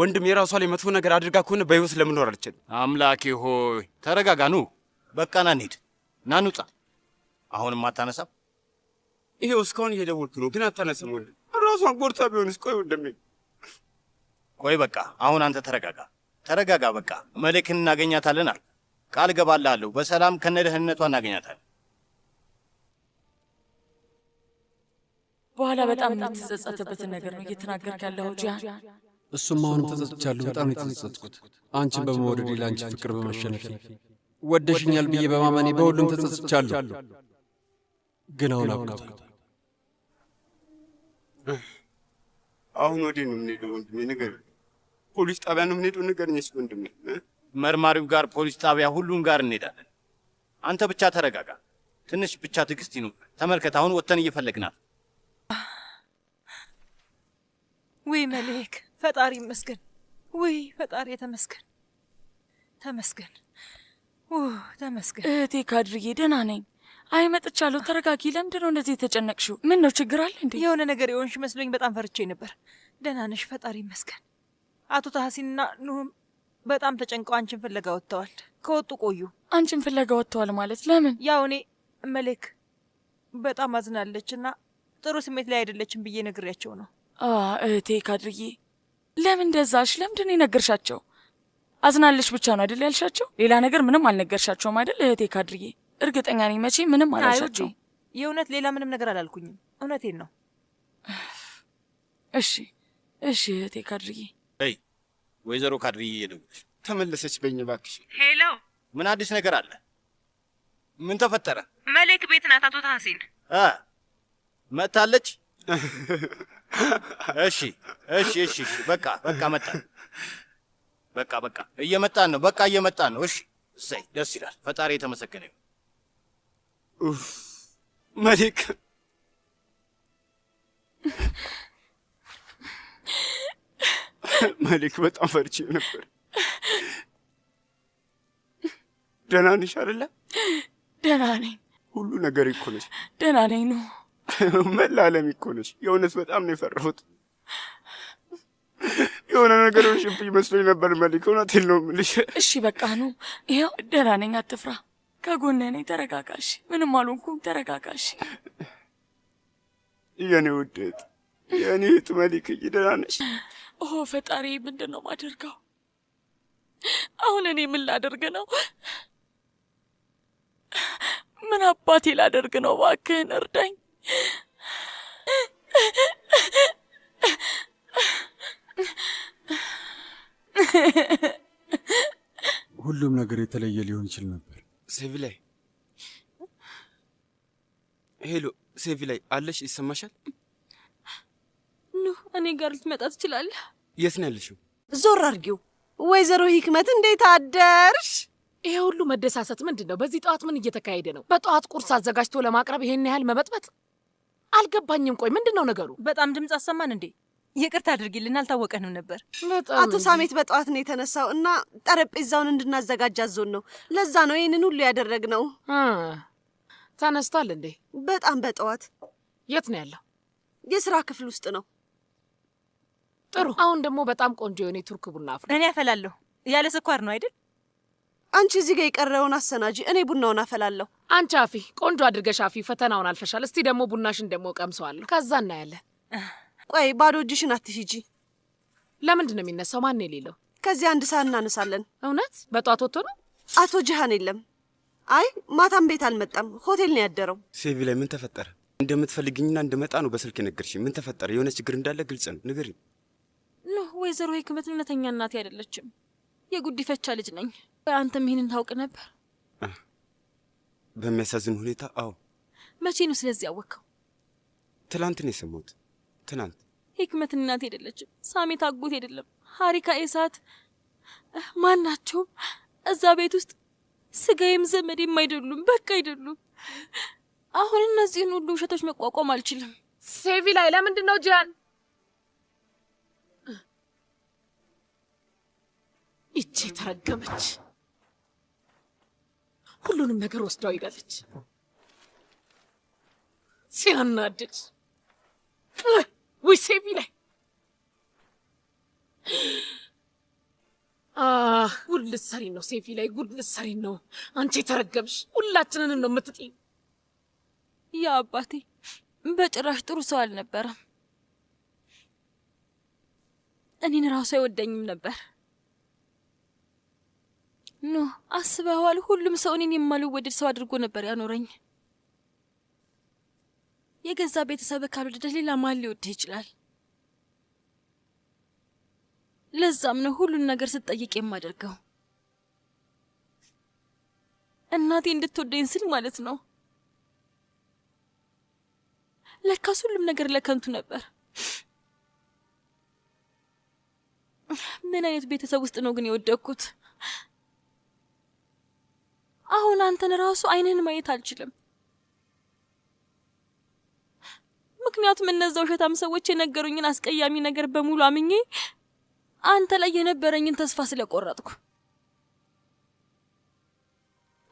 ወንድም የራሷ ላይ መጥፎ ነገር አድርጋ ከሆነ በህይወት ለምኖር አልችልም። አምላኬ ሆይ ተረጋጋ። ኑ በቃ ና እንሂድ፣ ና እንውጣ። አሁንም አታነሳም? ይሄው እስካሁን እየደወልኩ ነው፣ ግን አታነሳም። ወንድም ራሷን ጎድታ ቢሆንስ? ቆይ ወንድሜ፣ ቆይ በቃ አሁን አንተ ተረጋጋ፣ ተረጋጋ። በቃ መልእክን እናገኛታለን። አል ቃል ገባላለሁ፣ በሰላም ከነደህንነቷ እናገኛታለን። በኋላ በጣም የምትጸጸትበትን ነገር ነው እየተናገርክ ያለኸው ጂያን እሱም አሁንም ተጸጽቻለሁ። በጣም የተጸጸትኩት አንቺን በመወደድ ለአንቺ ፍቅር በመሸነፊ ወደሽኛል ብዬ በማመኔ በሁሉም ተጸጽቻለሁ። ግን አሁን አብቃ። አሁን ወዴት ነው የምንሄደው? ወንድሜ ንገረኝ። ፖሊስ ጣቢያ ነው የምንሄደው? ንገረኝ እስኪ ወንድሜ። መርማሪው ጋር፣ ፖሊስ ጣቢያ፣ ሁሉም ጋር እንሄዳለን። አንተ ብቻ ተረጋጋ። ትንሽ ብቻ ትዕግስት ይኑ። ተመልከት፣ አሁን ወጥተን እየፈለግናት ወይ መልክ ፈጣሪ ይመስገን። ውይ ፈጣሪ ተመስገን፣ ተመስገን፣ ተመስገን። እህቴ ካድርዬ ደህና ነኝ። አይ መጥቻለሁ። ተረጋጊ። ለምንድን ነው እንደዚህ የተጨነቅሽው? ምን ነው ችግር አለ እንዴ? የሆነ ነገር የሆንሽ መስሎኝ በጣም ፈርቼ ነበር። ደህና ነሽ? ፈጣሪ ይመስገን። አቶ ታህሲንና ኑህም በጣም ተጨንቀው አንቺን ፍለጋ ወጥተዋል። ከወጡ ቆዩ። አንቺን ፍለጋ ወጥተዋል ማለት ለምን? ያው እኔ መሌክ በጣም አዝናለች እና ጥሩ ስሜት ላይ አይደለችም ብዬ ነግሬያቸው ነው። እህቴ ካድርዬ ለምን እንደዛሽ? ለምንድን የነገርሻቸው? አዝናለሽ ብቻ ነው አይደል ያልሻቸው? ሌላ ነገር ምንም አልነገርሻቸውም አይደል? እህቴ ካድርዬ፣ እርግጠኛ ነኝ መቼ ምንም አላልሻቸው። የእውነት ሌላ ምንም ነገር አላልኩኝም። እውነቴን ነው። እሺ፣ እሺ እህቴ ካድርዬ። አይ ወይዘሮ ካድርዬ የደወለች ተመለሰች። በኝ እባክሽ። ሄሎ፣ ምን አዲስ ነገር አለ? ምን ተፈጠረ? መሌክ ቤት ናት። አቶ ታህሲን መጥታለች። እሺ፣ እሺ፣ እሺ። በቃ በቃ፣ መጣን። በቃ በቃ፣ እየመጣን ነው። በቃ እየመጣን ነው። እሺ፣ እሰይ፣ ደስ ይላል። ፈጣሪ የተመሰገነ ይሁን። ኡፍ መሊክ መሊክ፣ በጣም ፈርቼ ነበር። ደህና ነሽ አይደለ? ደህና ነኝ። ሁሉ ነገር እኮ ነሽ። ደህና ነኝ ነው መላለም እኮ ነሽ። የእውነት በጣም ነው የፈራሁት። የሆነ ነገር ሽብኝ መስሎኝ ነበር። መሊክ እውነቴን ነው የምልሽ። እሺ በቃ ነው ይኸው፣ ደህና ነኝ፣ አትፍራ። ከጎን ነኝ፣ ተረጋጋሽ። ምንም አልሆንኩም፣ ተረጋጋሽ። የኔ ውድት የኔ እህት መሊክዬ፣ ደህና ነሽ? ኦ ፈጣሪ፣ ምንድን ነው ማደርገው አሁን? እኔ ምን ላደርግ ነው? ምን አባቴ ላደርግ ነው? እባክህን እርዳኝ። ሁሉም ነገር የተለየ ሊሆን ይችል ነበር። ላይ ሄሎ ላይ አለሽ? ይሰማሻል? ኑ እኔ ጋር ልትመጣ ትችላለህ። የት ነው ያለሽው? ዞር አድርጊው። ወይዘሮ ህክመት እንዴት አደርሽ? ይሄ ሁሉ መደሳሰት ምንድን ነው? በዚህ ጠዋት ምን እየተካሄደ ነው? በጠዋት ቁርስ አዘጋጅቶ ለማቅረብ ይሄን ያህል መበጥበጥ አልገባኝም። ቆይ ምንድን ነው ነገሩ? በጣም ድምፅ አሰማን እንዴ? ይቅርታ አድርጊልን፣ አልታወቀንም ነበር። አቶ ሳሜት በጠዋት ነው የተነሳው እና ጠረጴዛውን እንድናዘጋጅ አዞን ነው። ለዛ ነው ይህንን ሁሉ ያደረግነው። ተነስቷል እንዴ? በጣም በጠዋት። የት ነው ያለው? የስራ ክፍል ውስጥ ነው። ጥሩ። አሁን ደግሞ በጣም ቆንጆ የሆነ የቱርክ ቡና አፍሉ። እኔ ያፈላለሁ። ያለ ስኳር ነው አይደል? አንቺ እዚህ ጋር የቀረውን አሰናጂ፣ እኔ ቡናውን አፈላለሁ። አንቺ አፊ፣ ቆንጆ አድርገሽ አፊ፣ ፈተናውን አልፈሻል። እስቲ ደግሞ ቡናሽን ደግሞ ቀምሰዋለሁ፣ ከዛ እናያለን። ቆይ ባዶ እጅሽን አትሂጂ። ለምንድን ነው የሚነሳው? ማን የሌለው? ከዚህ አንድ ሰዓት እናነሳለን። እውነት በጠዋት ወጥቶ ነው? አቶ ጅሃን የለም። አይ ማታም ቤት አልመጣም፣ ሆቴል ነው ያደረው። ሴቪ ላይ ምን ተፈጠረ? እንደምትፈልግኝና እንደመጣ ነው በስልክ የነገርሽኝ። ምን ተፈጠረ? የሆነ ችግር እንዳለ ግልጽ ነው፣ ንገሪኝ። ኖ ወይዘሮ የክመት እውነተኛ እናቴ አይደለችም፣ የጉዲፈቻ ልጅ ነኝ። አንተም ይሄንን ታውቅ ነበር? በሚያሳዝን ሁኔታ አዎ። መቼ ነው ስለዚህ ያወቅከው? ትናንት ነው የሰማሁት። ትናንት ሂክመት እናት አይደለችም፣ ሳሜት አጎት አይደለም፣ ሀሪካ ኤሳት ማናቸውም እዛ ቤት ውስጥ ስጋዬም ዘመዴም አይደሉም። በቃ አይደሉም። አሁን እነዚህን ሁሉ ውሸቶች መቋቋም አልችልም። ሴቪ ላይ ለምንድን ነው ጃን? ይቺ ተረገመች። ሁሉንም ነገር ወስዳው ሄዳለች። ሲያናድድ ውይ ሴቪ ላይ ጉድ ልትሰሪ ነው ሴቪ ላይ ጉድ ልትሰሪ ነው አንቺ የተረገብሽ፣ ሁላችንንም ነው የምትጥይ። ያ አባቴ በጭራሽ ጥሩ ሰው አልነበረም። እኔን ራሱ አይወደኝም ነበር። ኖ አስበዋል። ሁሉም ሰው እኔን የማልወደድ ሰው አድርጎ ነበር ያኖረኝ። የገዛ ቤተሰብ ካልወደደ ሌላ ማን ሊወድህ ይችላል? ለዛም ነው ሁሉን ነገር ስትጠይቅ የማደርገው። እናቴ እንድትወደኝ ስል ማለት ነው። ለካስ ሁሉም ነገር ለከንቱ ነበር። ምን አይነት ቤተሰብ ውስጥ ነው ግን የወደኩት? አሁን አንተን ራሱ አይንህን ማየት አልችልም። ምክንያቱም እነዛ ውሸታም ሰዎች የነገሩኝን አስቀያሚ ነገር በሙሉ አምኜ አንተ ላይ የነበረኝን ተስፋ ስለቆረጥኩ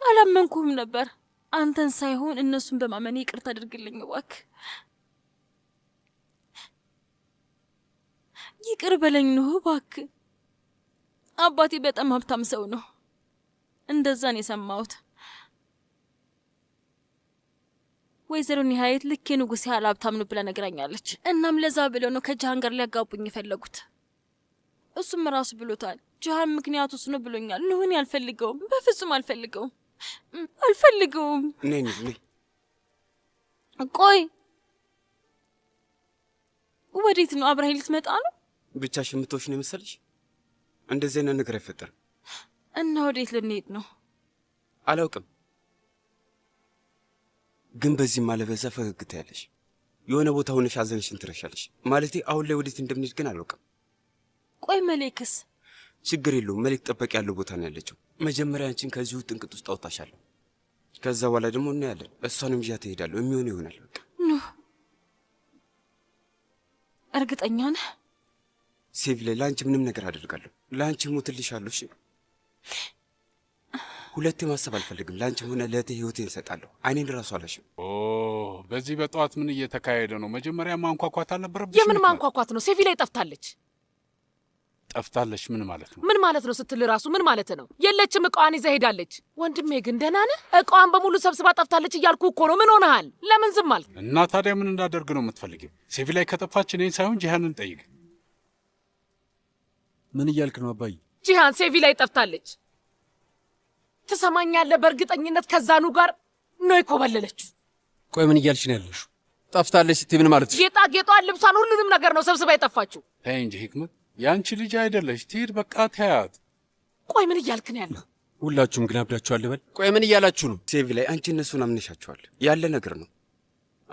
አላመንኩህም ነበር። አንተን ሳይሆን እነሱን በማመኔ ይቅርታ አድርግልኝ እባክህ። ይቅር በለኝ ነው እባክህ። አባቴ በጣም ሀብታም ሰው ነው። እንደዛን የሰማሁት። ወይዘሮ ኒሀየት ልክ ንጉሴ ያህል ነው ብላ ነግራኛለች። እናም ለዛ ብለው ነው ከጃሃን ጋር ሊያጋቡኝ የፈለጉት። እሱም ራሱ ብሎታል። ጃሃን ምክንያቱ ስኖ ብሎኛል። ንሁን አልፈልገውም፣ በፍጹም አልፈልገውም፣ አልፈልገውም። ቆይ ወዴት ነው? አብረኸኝ ልትመጣ ነው? ብቻሽ የምትወሽ ነው የመሰለሽ? እንደዚህ አይነት ነገር አይፈጠርም። እና ወዴት ልንሄድ ነው? አላውቅም፣ ግን በዚህም አለበዛ ፈገግታ ያለሽ የሆነ ቦታ ሆነሽ አዘንሽን ትረሻለሽ። ማለቴ አሁን ላይ ወዴት እንደምንሄድ ግን አላውቅም። ቆይ መሌክስ? ችግር የለውም መሌክ ጠበቅ ያለው ቦታ ነው ያለችው። መጀመሪያ አንቺን ከዚሁ ጥንቅጥ ውስጥ አውጣሻለሁ። ከዛ በኋላ ደግሞ እናያለን። እሷንም ይዣ ትሄዳለሁ። የሚሆን ይሆናል። በቃ ኖ። እርግጠኛ ነህ? ሴቪ ላይ ለአንቺ ምንም ነገር አደርጋለሁ። ለአንቺ ሞትልሻለሁ። ሁለቴ ማሰብ አልፈልግም። ለአንቺም ሆነ ለእህቴ ህይወቴን እሰጣለሁ። አይኔን ራሱ አላሽም። ኦ በዚህ በጠዋት ምን እየተካሄደ ነው? መጀመሪያ ማንኳኳት አልነበረብሽ? የምን ማንኳኳት ነው? ሴፊ ላይ ጠፍታለች። ጠፍታለች ምን ማለት ነው? ምን ማለት ነው ስትል ራሱ ምን ማለት ነው? የለችም፣ እቃዋን ይዛ ሄዳለች። ወንድሜ ግን ደህና ነህ? እቃዋን በሙሉ ሰብስባ ጠፍታለች እያልኩ እኮ ነው። ምን ሆነሃል? ለምን ዝም አልክ? እና ታዲያ ምን እንዳደርግ ነው የምትፈልጊው? ሴፊ ላይ ከጠፋች እኔን ሳይሆን ጂሃንን ጠይቅ። ምን እያልክ ነው አባዬ? ጂሃን ሴቪ ላይ ጠፍታለች። ትሰማኛለህ? በእርግጠኝነት ከዛኑ ጋር ነው የኮበለለችው። ቆይ ምን እያልሽ ነው ያለሽው? ጠፍታለች ስትይ ምን ማለት ጌጣጌጧን፣ ልብሷን፣ ሁሉንም ነገር ነው ሰብስባ የጠፋችው። ተይ እንጂ ሂክመት፣ የአንቺ ልጅ አይደለች። ትሂድ በቃ ተያት። ቆይ ምን እያልክ ነው ያለው? ሁላችሁም ግን አብዳችኋል ልበል? ቆይ ምን እያላችሁ ነው? ሴቪ ላይ አንቺ እነሱን አምነሻቸዋል ያለ ነገር ነው።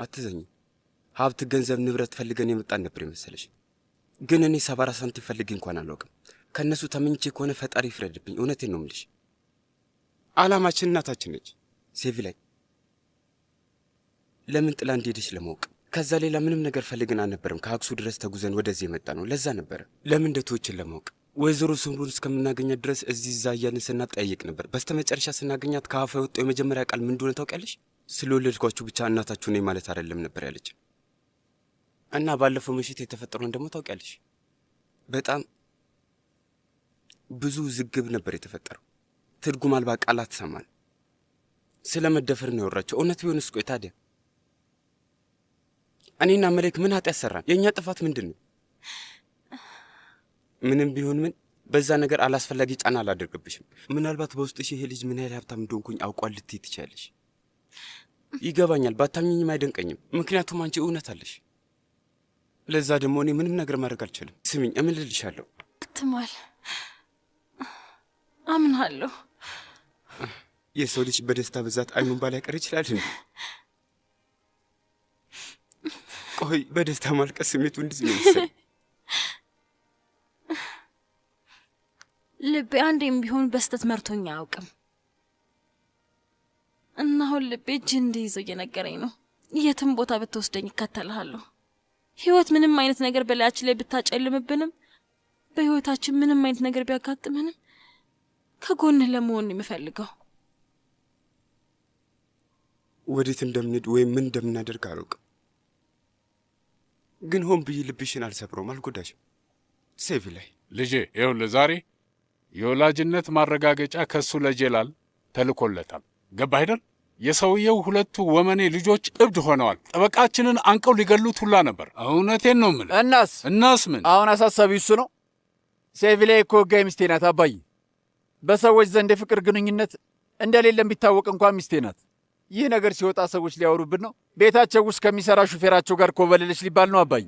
አትዘኝ። ሀብት፣ ገንዘብ፣ ንብረት ፈልገን የመጣን ነበር የመሰለሽ። ግን እኔ ሰባራ ሳንቲም ፈልጌ እንኳን አላውቅም። ከእነሱ ተመኝቼ ከሆነ ፈጣሪ ይፍረድብኝ። እውነቴን ነው የምልሽ። አላማችን እናታችን ነች። ሴቪ ላይ ለምን ጥላ እንደሄደች ለማወቅ ከዛ ሌላ ምንም ነገር ፈልገን አልነበረም። ከአክሱ ድረስ ተጉዘን ወደዚህ የመጣ ነው። ለዛ ነበረ ለምን እንደተወችን ለማወቅ ወይዘሮ ስምሩን እስከምናገኛት ድረስ እዚህ እዛ እያልን ስናጠያየቅ ነበር። በስተ መጨረሻ ስናገኛት ከአፋ የወጣው የመጀመሪያ ቃል ምን እንደሆነ ታውቂያለሽ? ስለወለድኳችሁ ብቻ እናታችሁ ነኝ ማለት አይደለም ነበር ያለች እና ባለፈው ምሽት የተፈጠረውን ደግሞ ታውቂያለሽ በጣም ብዙ ውዝግብ ነበር የተፈጠረው። ትርጉም አልባ ቃላት ሰማን። ስለ መደፈር ነው ያወራቸው። እውነት ቢሆንስ ቆይ ታዲያ እኔና መሌክ ምን ኃጢአት ሰራን? የእኛ ጥፋት ምንድን ነው? ምንም ቢሆን ምን በዛ ነገር አላስፈላጊ ጫና አላደርግብሽም። ምናልባት በውስጥሽ ይሄ ልጅ ምን ያህል ሀብታም እንደሆንኩኝ አውቋል ልትይ ትችያለሽ። ይገባኛል፣ ባታምኝም አይደንቀኝም፣ ምክንያቱም አንቺ እውነት አለሽ። ለዛ ደግሞ እኔ ምንም ነገር ማድረግ አልችልም። ስሚኝ፣ እምልልሻለሁ ትማል አምናለሁ። የሰው ልጅ በደስታ ብዛት አይኑን ባላቀር ይችላል። ቆይ በደስታ ማልቀስ ስሜቱ እንደዚህ ነው ልቤ አንዴም ቢሆን በስተት መርቶኝ አያውቅም እና አሁን ልቤ እጅ እንዲይዘው እየነገረኝ ነው። የትም ቦታ ብትወስደኝ ይከተልሃለሁ። ህይወት ምንም አይነት ነገር በላያችን ላይ ብታጨልምብንም፣ በህይወታችን ምንም አይነት ነገር ቢያጋጥመንም ከጎንህ ለመሆን የምፈልገው። ወዴት እንደምንሄድ ወይም ምን እንደምናደርግ አላውቅም፣ ግን ሆን ብዬ ልብሽን አልሰብረውም፣ አልጎዳሽም። ሴቪ ላይ ልጄ፣ ይኸውልህ ለዛሬ የወላጅነት ማረጋገጫ ከሱ ለጀላል ተልኮለታል። ገባ አይደል? የሰውየው ሁለቱ ወመኔ ልጆች እብድ ሆነዋል። ጠበቃችንን አንቀው ሊገሉት ሁላ ነበር። እውነቴን ነው የምልህ። እናስ እናስ ምን አሁን አሳሳቢ እሱ ነው። ሴቪላይ ኮጋይ እኮ ህጋዊ ሚስቴ ናት አባዬ በሰዎች ዘንድ የፍቅር ግንኙነት እንደሌለም ቢታወቅ እንኳን ሚስቴ ናት። ይህ ነገር ሲወጣ ሰዎች ሊያወሩብን ነው። ቤታቸው ውስጥ ከሚሰራ ሹፌራቸው ጋር ኮበለለች ሊባል ነው። አባይ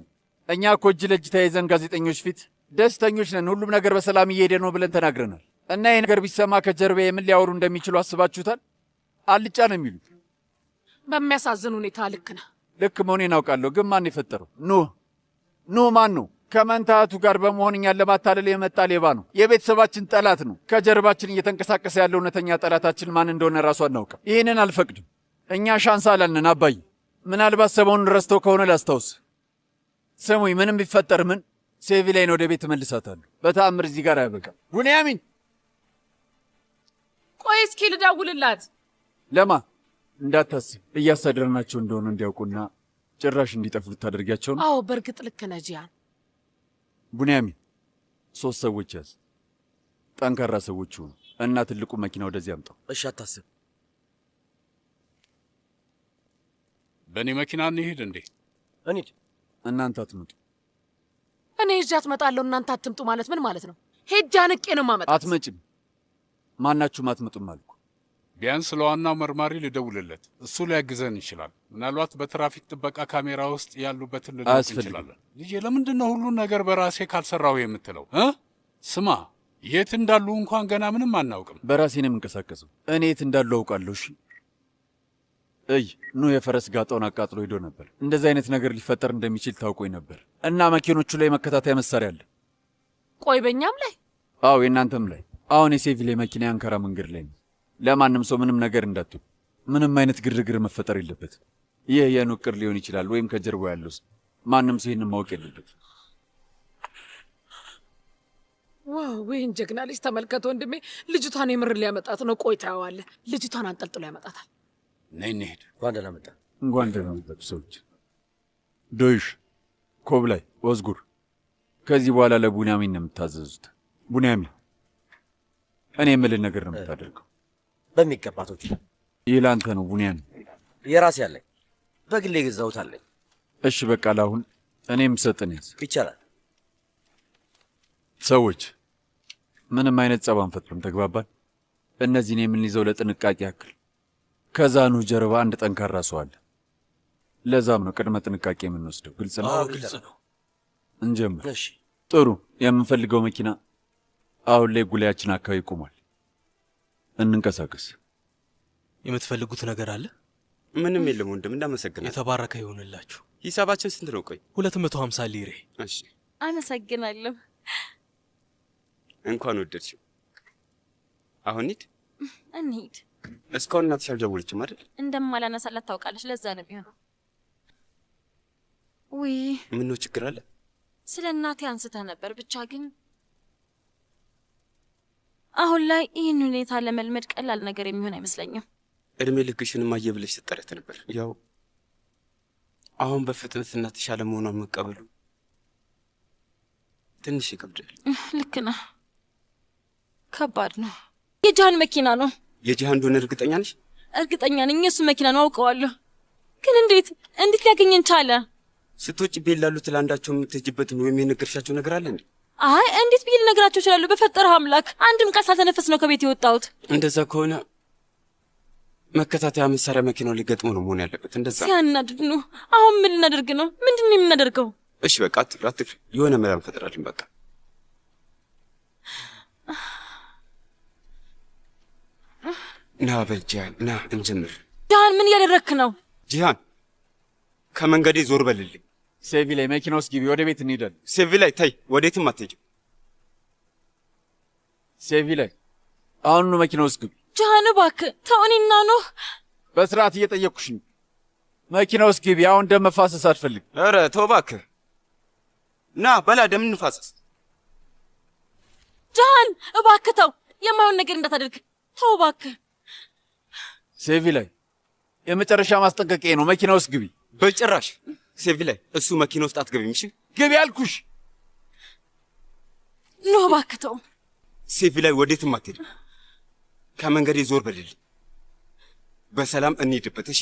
እኛ እኮ እጅ ለእጅ ተያይዘን ጋዜጠኞች ፊት ደስተኞች ነን፣ ሁሉም ነገር በሰላም እየሄደ ነው ብለን ተናግረናል። እና ይህ ነገር ቢሰማ ከጀርባ የምን ሊያወሩ እንደሚችሉ አስባችሁታል? አልጫ ነው የሚሉት። በሚያሳዝን ሁኔታ ልክ ነህ። ልክ መሆኔን አውቃለሁ፣ ግን ማን የፈጠረው? ኑህ ኑህ ማን ነው? ከመንታቱ ጋር በመሆን እኛን ለማታለል የመጣ ሌባ ነው። የቤተሰባችን ጠላት ነው። ከጀርባችን እየተንቀሳቀሰ ያለው እውነተኛ ጠላታችን ማን እንደሆነ ራሱ አናውቅም። ይህንን አልፈቅድም። እኛ ሻንስ አላልንን። አባይ ምናልባት ሰሞኑን ረስተው ከሆነ ላስታውስ። ስሙኝ፣ ምንም ቢፈጠር ምን ሴቪ ላይ ነው ወደ ቤት እመልሳታለሁ። በተአምር እዚህ ጋር አያበቃም። ቡንያሚን ቆይ እስኪ ልደውልላት። ለማ እንዳታስብ፣ እያሳደርናቸው እንደሆነ እንዲያውቁና ጭራሽ እንዲጠፉ ልታደርጊያቸው ነው። አዎ በእርግጥ ልክ ነህ ጂያን። ቡንያሚን፣ ሶስት ሰዎች ያዝ። ጠንካራ ሰዎች ሁኑ እና ትልቁ መኪና ወደዚህ አምጣው። እሺ፣ አታስብ። በእኔ መኪና እንሄድ እንዴ? እንሂድ። እናንተ አትምጡ። እኔ ሄጄ አትመጣለሁ። እናንተ አትምጡ ማለት ምን ማለት ነው? ሄጄ አንቄ ነው ማመጣት። አትመጭም። ማናችሁም አትመጡም አልኩ። ቢያንስ ለዋናው መርማሪ ልደውልለት፣ እሱ ሊያግዘን ይችላል። ምናልባት በትራፊክ ጥበቃ ካሜራ ውስጥ ያሉበትን ልናውቅ እንችላለን። ልጄ ለምንድን ነው ሁሉን ነገር በራሴ ካልሰራሁ የምትለው? ስማ የት እንዳሉ እንኳን ገና ምንም አናውቅም። በራሴ ነው የምንቀሳቀሰው። እኔ የት እንዳሉ አውቃለሁ። እሺ እይ ኑ የፈረስ ጋጣውን አቃጥሎ ሄዶ ነበር። እንደዚህ አይነት ነገር ሊፈጠር እንደሚችል ታውቆኝ ነበር እና መኪኖቹ ላይ መከታተያ መሳሪያ አለ። ቆይ በእኛም ላይ? አዎ የእናንተም ላይ። አሁን የሴቪሌ መኪና የአንካራ መንገድ ላይ ነው። ለማንም ሰው ምንም ነገር እንዳትሉ። ምንም አይነት ግርግር መፈጠር የለበት? ይህ የኑቅር ሊሆን ይችላል ወይም ከጀርባው ያለው ማንም ሰው ይህንን ማወቅ የለበት። ዋው! ይህን ጀግና ልጅ ተመልከት ወንድሜ። ልጅቷን የምር ሊያመጣት ነው። ቆይታ ያዋለ ልጅቷን አንጠልጥሎ ያመጣታል። ነይ እንሂድ። እንኳን ደህና መጣ። እንኳን ደህና መጣ። ሰዎች ዶይሽ፣ ኮብላይ፣ ወዝጉር ከዚህ በኋላ ለቡንያሚን ነው የምታዘዙት። ቡንያሚን፣ እኔ የምልን ነገር ነው የምታደርገው በሚገባቶች ይህ ለአንተ ነው ቡኒያን። የራሴ አለኝ በግሌ የገዛሁት አለኝ። እሺ በቃ ለአሁን እኔም ሰጥን ያዝ ይቻላል። ሰዎች ምንም አይነት ጸብ አንፈጥርም፣ ተግባባን? እነዚህን የምንይዘው ለጥንቃቄ ያክል። ከዛኑ ጀርባ አንድ ጠንካራ ሰው አለ። ለዛም ነው ቅድመ ጥንቃቄ የምንወስደው። ግልጽ ነው? ግልጽ ነው። እንጀምር። ጥሩ። የምንፈልገው መኪና አሁን ላይ ጉላያችን አካባቢ ቆሟል። እንንቀሳቀስ። የምትፈልጉት ነገር አለ? ምንም የለም ወንድም፣ እንዳመሰግናል። የተባረከ ይሆንላችሁ። ሂሳባችን ስንት ነው? ቆይ ሁለት መቶ ሀምሳ ሊሬ። እሺ፣ አመሰግናለሁ። እንኳን ወደድሽው። አሁን ሂድ፣ እንሂድ። እስካሁን እናትሽ አልደወለችም አይደል? እንደማላነሳላት ታውቃለች። ለዛ ነው የሚሆነው። ውይ፣ ምነው ችግር አለ? ስለ እናቴ አንስተ ነበር ብቻ ግን አሁን ላይ ይህን ሁኔታ ለመልመድ ቀላል ነገር የሚሆን አይመስለኝም። እድሜ ልክሽን ማየ ብለሽ ስጠረት ነበር። ያው አሁን በፍጥነት እና ተሻለ መሆኗን መቀበሉ ትንሽ ይከብዳል። ልክ ነህ። ከባድ ነው። የጃን መኪና ነው። የጃን እንደሆነ እርግጠኛ ነሽ? እርግጠኛ ነኝ። እሱ መኪና ነው አውቀዋለሁ። ግን እንዴት እንዴት ሊያገኘን ቻለ? ስቶጭ ቤት ላሉት ለአንዳቸው የምትሄጂበትን ወይም የነገርሻቸው ነገር አለ እንዴ? አይ እንዴት ብዬ ልነግራቸው እችላለሁ? በፈጠረህ አምላክ አንድም ቃል ሳልተነፈስ ነው ከቤት የወጣሁት። እንደዛ ከሆነ መከታተያ መሳሪያ መኪናውን ሊገጥሙ ነው መሆን ያለበት። እንደዛ ሲያናድድ ነው። አሁን ምን ልናደርግ ነው? ምንድን ነው የምናደርገው? እሺ በቃ አትፍራ፣ አትፍሪ። የሆነ መላ እንፈጥራለን። በቃ ና በል ጂሃን፣ ና እንጀምር። ጂሃን ምን እያደረግክ ነው? ጂሃን ከመንገዴ ዞር በልልኝ። ሴቪ ላይ መኪና ውስጥ ግቢ። ወደ ቤት እንሄዳለን። ሴቪ ላይ ተይ፣ ወዴትም አትሄጂም። ሴቪ ላይ አሁኑ መኪና ውስጥ ግቢ። ጃን እባክህ ተው፣ ነው በስርዓት እየጠየቅኩሽ መኪና ውስጥ ግቢ። አሁን ደም መፋሰስ አትፈልግ። ኧረ ተው እባክህ፣ ና በላ ደም እንፋሰስ። ጃን እባክህ ተው፣ የማይሆን ነገር እንዳታደርግ ተው እባክህ። ሴቪ ላይ የመጨረሻ ማስጠንቀቂያ ነው፣ መኪና ውስጥ ግቢ። በጭራሽ ሴቪ ላይ እሱ መኪና ውስጥ አትገቢም። እሺ ገቢ አልኩሽ። ኖ እባክህ ተው። ሴቪ ላይ ወዴትም አትሄድም። ከመንገዴ ዞር በልልኝ። በሰላም እንሂድበት። እሺ